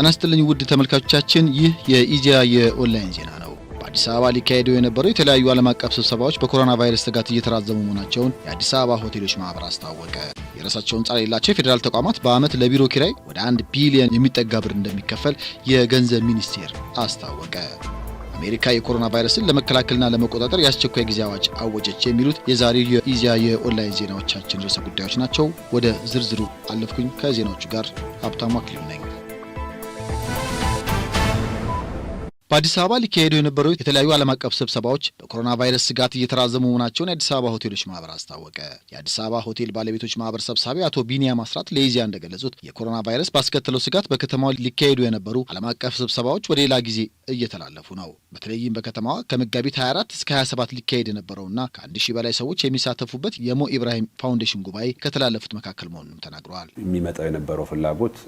ጤና ይስጥልኝ ውድ ተመልካቾቻችን፣ ይህ የኢዜአ የኦንላይን ዜና ነው። በአዲስ አበባ ሊካሄደው የነበረው የተለያዩ ዓለም አቀፍ ስብሰባዎች በኮሮና ቫይረስ ስጋት እየተራዘሙ መሆናቸውን የአዲስ አበባ ሆቴሎች ማህበር አስታወቀ። የራሳቸውን ጻር የሌላቸው የፌዴራል ተቋማት በዓመት ለቢሮ ኪራይ ወደ አንድ ቢሊዮን የሚጠጋ ብር እንደሚከፈል የገንዘብ ሚኒስቴር አስታወቀ። አሜሪካ የኮሮና ቫይረስን ለመከላከልና ለመቆጣጠር የአስቸኳይ ጊዜ አዋጅ አወጀች። የሚሉት የዛሬው የኢዜአ የኦንላይን ዜናዎቻችን ርዕሰ ጉዳዮች ናቸው። ወደ ዝርዝሩ አለፍኩኝ። ከዜናዎቹ ጋር ሀብታሙ አክሊሉ ነኝ። በአዲስ አበባ ሊካሄዱ የነበሩ የተለያዩ ዓለም አቀፍ ስብሰባዎች በኮሮና ቫይረስ ስጋት እየተራዘሙ መሆናቸውን የአዲስ አበባ ሆቴሎች ማህበር አስታወቀ። የአዲስ አበባ ሆቴል ባለቤቶች ማህበር ሰብሳቢ አቶ ቢኒያም አስራት ለኢዜአ እንደገለጹት የኮሮና ቫይረስ ባስከተለው ስጋት በከተማዋ ሊካሄዱ የነበሩ ዓለም አቀፍ ስብሰባዎች ወደ ሌላ ጊዜ እየተላለፉ ነው። በተለይም በከተማዋ ከመጋቢት 24 እስከ 27 ሊካሄድ የነበረውና ከ ሺህ በላይ ሰዎች የሚሳተፉበት የሞ ኢብራሂም ፋውንዴሽን ጉባኤ ከተላለፉት መካከል መሆኑንም ተናግረዋል። የሚመጣው የነበረው ፍላጎት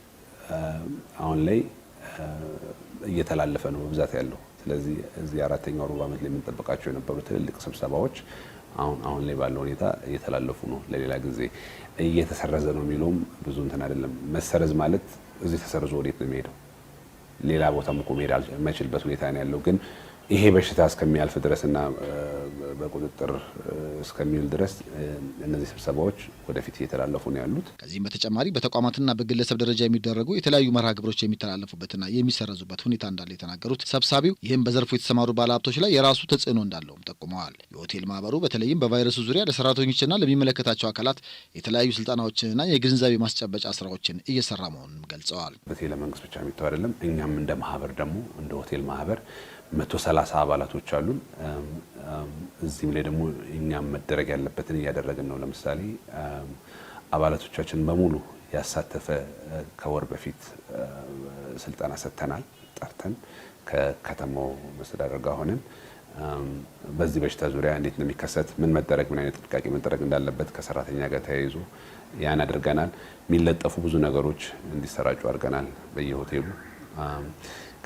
አሁን ላይ እየተላለፈ ነው በብዛት ያለው። ስለዚህ እዚህ አራተኛው ሩብ ዓመት ላይ የምንጠብቃቸው የነበሩ ትልልቅ ስብሰባዎች አሁን አሁን ላይ ባለው ሁኔታ እየተላለፉ ነው፣ ለሌላ ጊዜ እየተሰረዘ ነው የሚለውም ብዙ እንትን አይደለም። መሰረዝ ማለት እዚህ ተሰርዞ ወዴት ነው የሚሄደው? ሌላ ቦታም እኮ መሄድ የማይችልበት ሁኔታ ነው ያለው ግን ይሄ በሽታ እስከሚያልፍ ድረስና በቁጥጥር እስከሚውል ድረስ እነዚህ ስብሰባዎች ወደፊት እየተላለፉ ነው ያሉት። ከዚህም በተጨማሪ በተቋማትና በግለሰብ ደረጃ የሚደረጉ የተለያዩ መርሃ ግብሮች የሚተላለፉበትና የሚሰረዙበት ሁኔታ እንዳለ የተናገሩት ሰብሳቢው ይህም በዘርፉ የተሰማሩ ባለሀብቶች ላይ የራሱ ተጽዕኖ እንዳለውም ጠቁመዋል። የሆቴል ማህበሩ በተለይም በቫይረሱ ዙሪያ ለሰራተኞችና ለሚመለከታቸው አካላት የተለያዩ ስልጠናዎችንና የግንዛቤ ማስጨበጫ ስራዎችን እየሰራ መሆኑንም ገልጸዋል። ሆቴል ብቻ የሚተው አይደለም። እኛም እንደ ማህበር ደግሞ እንደ ሆቴል ማህበር መቶ ሰላሳ ሰላሳ አባላቶች አሉን። እዚህም ላይ ደግሞ እኛም መደረግ ያለበትን እያደረግን ነው። ለምሳሌ አባላቶቻችን በሙሉ ያሳተፈ ከወር በፊት ስልጠና ሰጥተናል ጠርተን ከከተማው መስተዳደር ጋር ሆነን በዚህ በሽታ ዙሪያ እንዴት እንደሚከሰት ምን መደረግ፣ ምን አይነት ጥንቃቄ መደረግ እንዳለበት ከሰራተኛ ጋር ተያይዞ ያን አድርገናል። የሚለጠፉ ብዙ ነገሮች እንዲሰራጩ አድርገናል በየሆቴሉ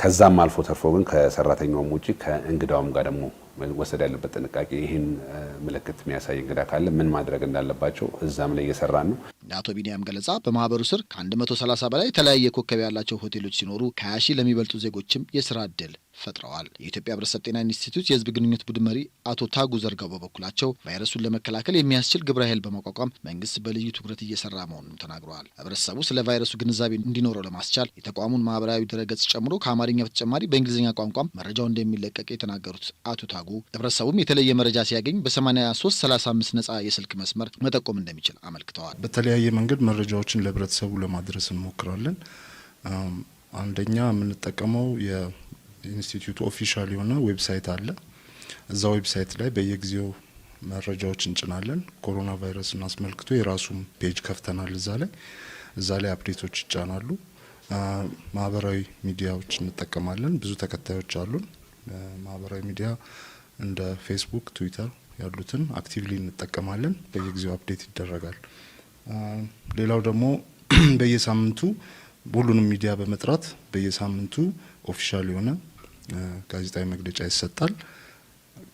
ከዛም አልፎ ተርፎ ግን ከሰራተኛውም ውጭ ከእንግዳውም ጋር ደግሞ ወሰድ ያለበት ጥንቃቄ ይህን ምልክት የሚያሳይ እንግዳ ካለ ምን ማድረግ እንዳለባቸው እዛም ላይ እየሰራን ነው። እንደ አቶ ቢኒያም ገለጻ በማህበሩ ስር ከ130 በላይ የተለያየ ኮከብ ያላቸው ሆቴሎች ሲኖሩ ከ20 ሺህ ለሚበልጡ ዜጎችም የስራ እድል ፈጥረዋል። የኢትዮጵያ ህብረተሰብ ጤና ኢንስቲትዩት የህዝብ ግንኙነት ቡድን መሪ አቶ ታጉ ዘርጋው በበኩላቸው ቫይረሱን ለመከላከል የሚያስችል ግብረ ኃይል በማቋቋም መንግስት በልዩ ትኩረት እየሰራ መሆኑንም ተናግረዋል። ህብረተሰቡ ስለ ቫይረሱ ግንዛቤ እንዲኖረው ለማስቻል የተቋሙን ማህበራዊ ድረገጽ ጨምሮ ከአማርኛ በተጨማሪ በእንግሊዝኛ ቋንቋም መረጃው እንደሚለቀቅ የተናገሩት አቶ ታጉ ህብረተሰቡም የተለየ መረጃ ሲያገኝ በ8335 ነጻ የስልክ መስመር መጠቆም እንደሚችል አመልክተዋል። በተለያየ መንገድ መረጃዎችን ለህብረተሰቡ ለማድረስ እንሞክራለን። አንደኛ የምንጠቀመው ኢንስቲትዩቱ ኦፊሻል የሆነ ዌብሳይት አለ። እዛ ዌብሳይት ላይ በየጊዜው መረጃዎች እንጭናለን። ኮሮና ቫይረስን አስመልክቶ የራሱም ፔጅ ከፍተናል። እዛ ላይ እዛ ላይ አፕዴቶች ይጫናሉ። ማህበራዊ ሚዲያዎች እንጠቀማለን። ብዙ ተከታዮች አሉን። ማህበራዊ ሚዲያ እንደ ፌስቡክ፣ ትዊተር ያሉትን አክቲቭሊ እንጠቀማለን። በየጊዜው አፕዴት ይደረጋል። ሌላው ደግሞ በየሳምንቱ ሁሉንም ሚዲያ በመጥራት በየሳምንቱ ኦፊሻል የሆነ ጋዜጣዊ መግለጫ ይሰጣል።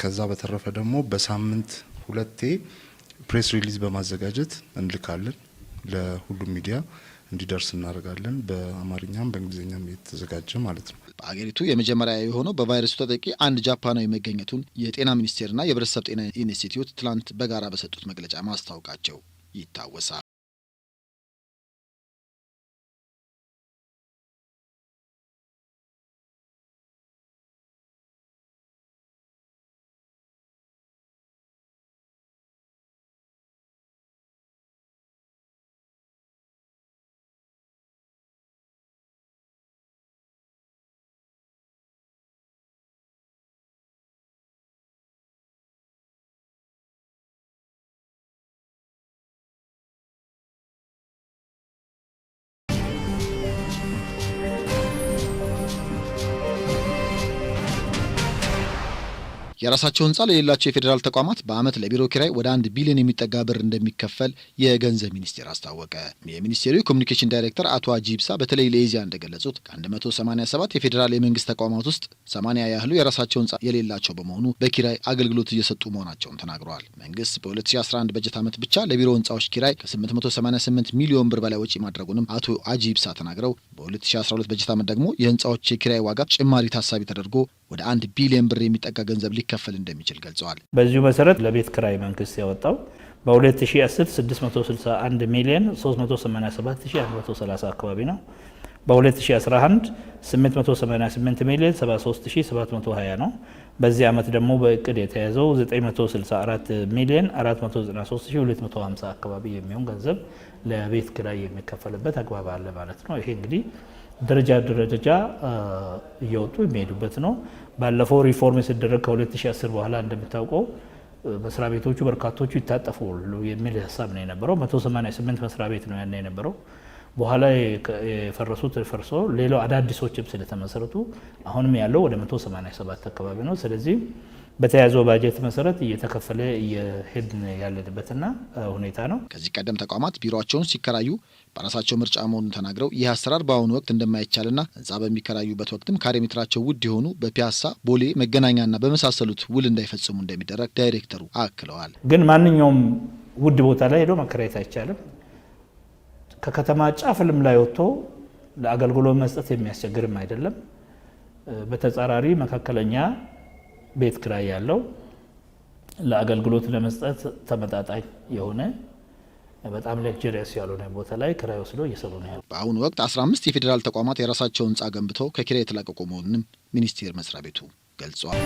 ከዛ በተረፈ ደግሞ በሳምንት ሁለቴ ፕሬስ ሪሊዝ በማዘጋጀት እንልካለን ለሁሉም ሚዲያ እንዲደርስ እናደርጋለን። በአማርኛም በእንግሊዝኛም የተዘጋጀ ማለት ነው። በአገሪቱ የመጀመሪያ የሆነው በቫይረሱ ተጠቂ አንድ ጃፓናዊ መገኘቱን የጤና ሚኒስቴርና የብረተሰብ ጤና ኢንስቲትዩት ትላንት በጋራ በሰጡት መግለጫ ማስታወቃቸው ይታወሳል። የራሳቸው ህንፃ ለሌላቸው የፌዴራል ተቋማት በአመት ለቢሮ ኪራይ ወደ አንድ ቢሊዮን የሚጠጋ ብር እንደሚከፈል የገንዘብ ሚኒስቴር አስታወቀ። የሚኒስቴሩ የኮሚኒኬሽን ዳይሬክተር አቶ አጂብሳ በተለይ ለኢዜአ እንደገለጹት ከ187 የፌዴራል የመንግስት ተቋማት ውስጥ 80 ያህሉ የራሳቸው ህንፃ የሌላቸው በመሆኑ በኪራይ አገልግሎት እየሰጡ መሆናቸውን ተናግረዋል። መንግስት በ2011 በጀት ዓመት ብቻ ለቢሮ ህንፃዎች ኪራይ ከ888 ሚሊዮን ብር በላይ ወጪ ማድረጉንም አቶ አጂብሳ ተናግረው በ2012 በጀት ዓመት ደግሞ የህንፃዎች የኪራይ ዋጋ ጭማሪ ታሳቢ ተደርጎ ወደ አንድ ቢሊዮን ብር የሚጠጋ ገንዘብ ሊከፈል እንደሚችል ገልጸዋል። በዚሁ መሰረት ለቤት ክራይ መንግስት ያወጣው በ2010 661 ሚሊዮን 387130 አካባቢ ነው። በ2011 888 ሚሊዮን 73720 ነው። በዚህ ዓመት ደግሞ በእቅድ የተያዘው 964 ሚሊዮን 493250 አካባቢ የሚሆን ገንዘብ ለቤት ክራይ የሚከፈልበት አግባብ አለ ማለት ነው። ይሄ እንግዲህ ደረጃ ደረጃ እየወጡ የሚሄዱበት ነው። ባለፈው ሪፎርም ሲደረግ ከ2010 በኋላ እንደምታውቀው መስሪያ ቤቶቹ በርካቶቹ ይታጠፋሉ የሚል ሀሳብ ነው የነበረው። 188 መስሪያ ቤት ነው ያን የነበረው። በኋላ የፈረሱት ፈርሶ ሌላው አዳዲሶችም ስለተመሰረቱ አሁንም ያለው ወደ 187 አካባቢ ነው። ስለዚህ በተያዘው ባጀት መሰረት እየተከፈለ እየሄድን ያለንበትና ሁኔታ ነው። ከዚህ ቀደም ተቋማት ቢሮቸውን ሲከራዩ በራሳቸው ምርጫ መሆኑን ተናግረው ይህ አሰራር በአሁኑ ወቅት እንደማይቻልና ህንፃ በሚከራዩበት ወቅትም ካሬ ሜትራቸው ውድ የሆኑ በፒያሳ ቦሌ፣ መገናኛና በመሳሰሉት ውል እንዳይፈጽሙ እንደሚደረግ ዳይሬክተሩ አክለዋል። ግን ማንኛውም ውድ ቦታ ላይ ሄዶ መከራየት አይቻልም። ከከተማ ጫፍልም ላይ ወጥቶ ለአገልግሎት መስጠት የሚያስቸግርም አይደለም። በተጻራሪ መካከለኛ ቤት ክራይ ያለው ለአገልግሎት ለመስጠት ተመጣጣኝ የሆነ በጣም ሌክጀሪያስ ያልሆነ ቦታ ላይ ክራይ ወስዶ እየሰሩ ነው ያለ። በአሁኑ ወቅት 15 የፌዴራል ተቋማት የራሳቸው ህንፃ ገንብተው ከኪራይ የተላቀቁ መሆኑንም ሚኒስቴር መስሪያ ቤቱ ገልጿል።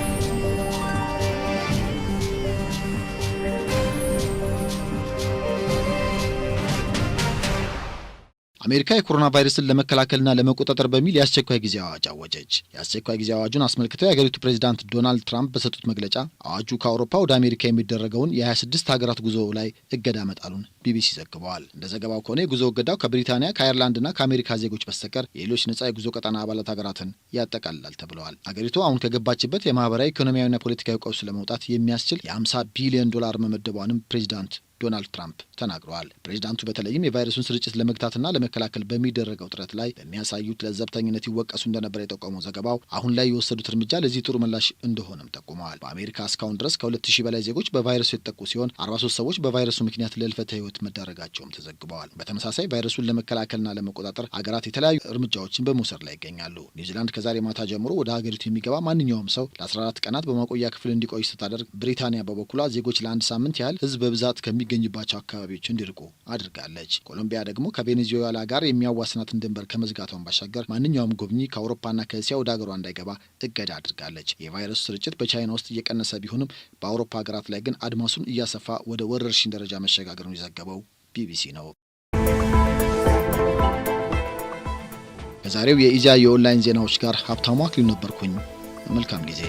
አሜሪካ የኮሮና ቫይረስን ለመከላከልና ለመቆጣጠር በሚል የአስቸኳይ ጊዜ አዋጅ አወጀች። የአስቸኳይ ጊዜ አዋጁን አስመልክተው የአገሪቱ ፕሬዚዳንት ዶናልድ ትራምፕ በሰጡት መግለጫ አዋጁ ከአውሮፓ ወደ አሜሪካ የሚደረገውን የ26 ሀገራት ጉዞ ላይ እገዳ መጣሉን ቢቢሲ ዘግበዋል። እንደ ዘገባው ከሆነ የጉዞ እገዳው ከብሪታንያ ከአየርላንድና ከአሜሪካ ዜጎች በስተቀር የሌሎች ነጻ የጉዞ ቀጠና አባላት ሀገራትን ያጠቃልላል ተብለዋል። አገሪቱ አሁን ከገባችበት የማህበራዊ ኢኮኖሚያዊና ፖለቲካዊ ቀውስ ለመውጣት የሚያስችል የ50 ቢሊዮን ዶላር መመደቧንም ፕሬዚዳንት ዶናልድ ትራምፕ ተናግረዋል። ፕሬዚዳንቱ በተለይም የቫይረሱን ስርጭት ለመግታትና ለመከላከል በሚደረገው ጥረት ላይ በሚያሳዩት ለዘብተኝነት ይወቀሱ እንደነበር የጠቆመው ዘገባው አሁን ላይ የወሰዱት እርምጃ ለዚህ ጥሩ ምላሽ እንደሆነም ጠቁመዋል። በአሜሪካ እስካሁን ድረስ ከ ሺህ በላይ ዜጎች በቫይረሱ የተጠቁ ሲሆን 43 ሰዎች በቫይረሱ ምክንያት ለልፈተ ህይወት መዳረጋቸውም ተዘግበዋል። በተመሳሳይ ቫይረሱን ለመከላከልና ለመቆጣጠር አገራት የተለያዩ እርምጃዎችን በመውሰድ ላይ ይገኛሉ። ኒውዚላንድ ከዛሬ ማታ ጀምሮ ወደ ሀገሪቱ የሚገባ ማንኛውም ሰው ለ14 ቀናት በማቆያ ክፍል እንዲቆይ ስታደርግ፣ ብሪታንያ በበኩሏ ዜጎች ለአንድ ሳምንት ያህል ህዝብ በብዛት ከሚ ከሚገኝባቸው አካባቢዎች እንዲርቁ አድርጋለች። ኮሎምቢያ ደግሞ ከቬኔዙዌላ ጋር የሚያዋስናትን ድንበር ከመዝጋቷን ባሻገር ማንኛውም ጎብኚ ከአውሮፓና ከእስያ ወደ ሀገሯ እንዳይገባ እገዳ አድርጋለች። የቫይረሱ ስርጭት በቻይና ውስጥ እየቀነሰ ቢሆንም በአውሮፓ ሀገራት ላይ ግን አድማሱን እያሰፋ ወደ ወረርሽኝ ደረጃ መሸጋገሩን የዘገበው ቢቢሲ ነው። ከዛሬው የኢዜአ የኦንላይን ዜናዎች ጋር ሀብታሙ አክሊሉ ነበርኩኝ። መልካም ጊዜ